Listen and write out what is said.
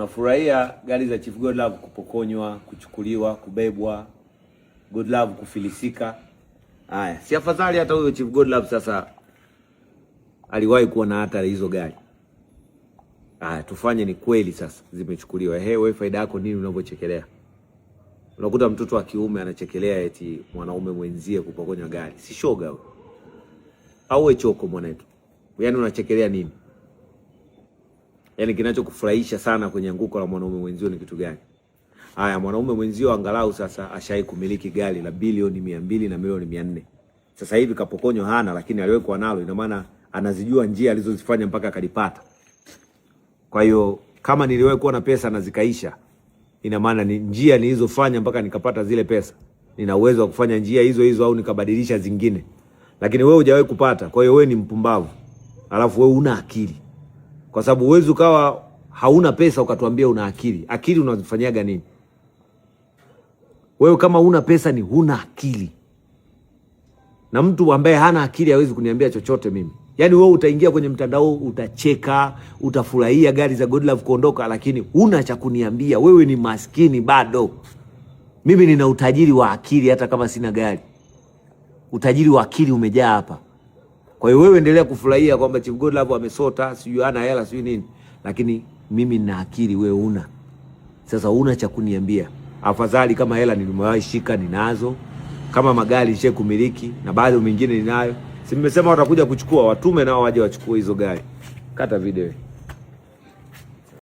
Nafurahia gari za Chief Godlove kupokonywa, kuchukuliwa, kubebwa, Godlove kufilisika. Haya, si afadhali hata huyo Chief Godlove sasa aliwahi kuwa na hata hizo gari. Haya, tufanye ni kweli sasa zimechukuliwa. Ehe, wewe faida yako nini unavyochekelea? Unakuta mtoto wa kiume anachekelea eti mwanaume mwenzie kupokonywa gari. Si shoga wewe. Au wewe choko mwanetu. Yaani unachekelea nini? yani kinachokufurahisha sana kwenye anguko la mwanaume mwenzio ni kitu gani? Haya, mwanaume mwenzio angalau sasa ashai kumiliki gari la bilioni mia mbili na milioni mia nne sasa hivi kapokonywa hana, lakini aliwekwa nalo, ina maana anazijua njia alizozifanya mpaka akalipata. Kwa hiyo kama niliwahi kuwa na pesa na zikaisha, ina maana ni njia nilizofanya mpaka nikapata zile pesa, nina uwezo wa kufanya njia hizo hizo au nikabadilisha zingine, lakini wewe hujawahi kupata. Kwa hiyo wewe ni mpumbavu, alafu wewe una akili kwa sababu uwezi ukawa hauna pesa ukatuambia una akili. Akili unafanyaga nini wewe? Kama una pesa ni huna akili, na mtu ambaye hana akili hawezi kuniambia chochote mimi. Yaani wewe utaingia kwenye mtandao utacheka, utafurahia gari za Love kuondoka, lakini huna cha kuniambia. Wewe ni maskini bado. Mimi nina utajiri wa akili, hata kama sina gari. Utajiri wa akili umejaa hapa. Kwa hiyo wewe endelea kufurahia kwamba Chief Godlove amesota, sijui ana hela, sijui nini, lakini mimi nina akili, wewe una. Sasa una cha kuniambia? Afadhali kama hela nilimewahi shika ninazo, kama magari nishe kumiliki na bado mengine ninayo. Si mmesema watakuja kuchukua, watume nao waje wachukue hizo gari. Kata video.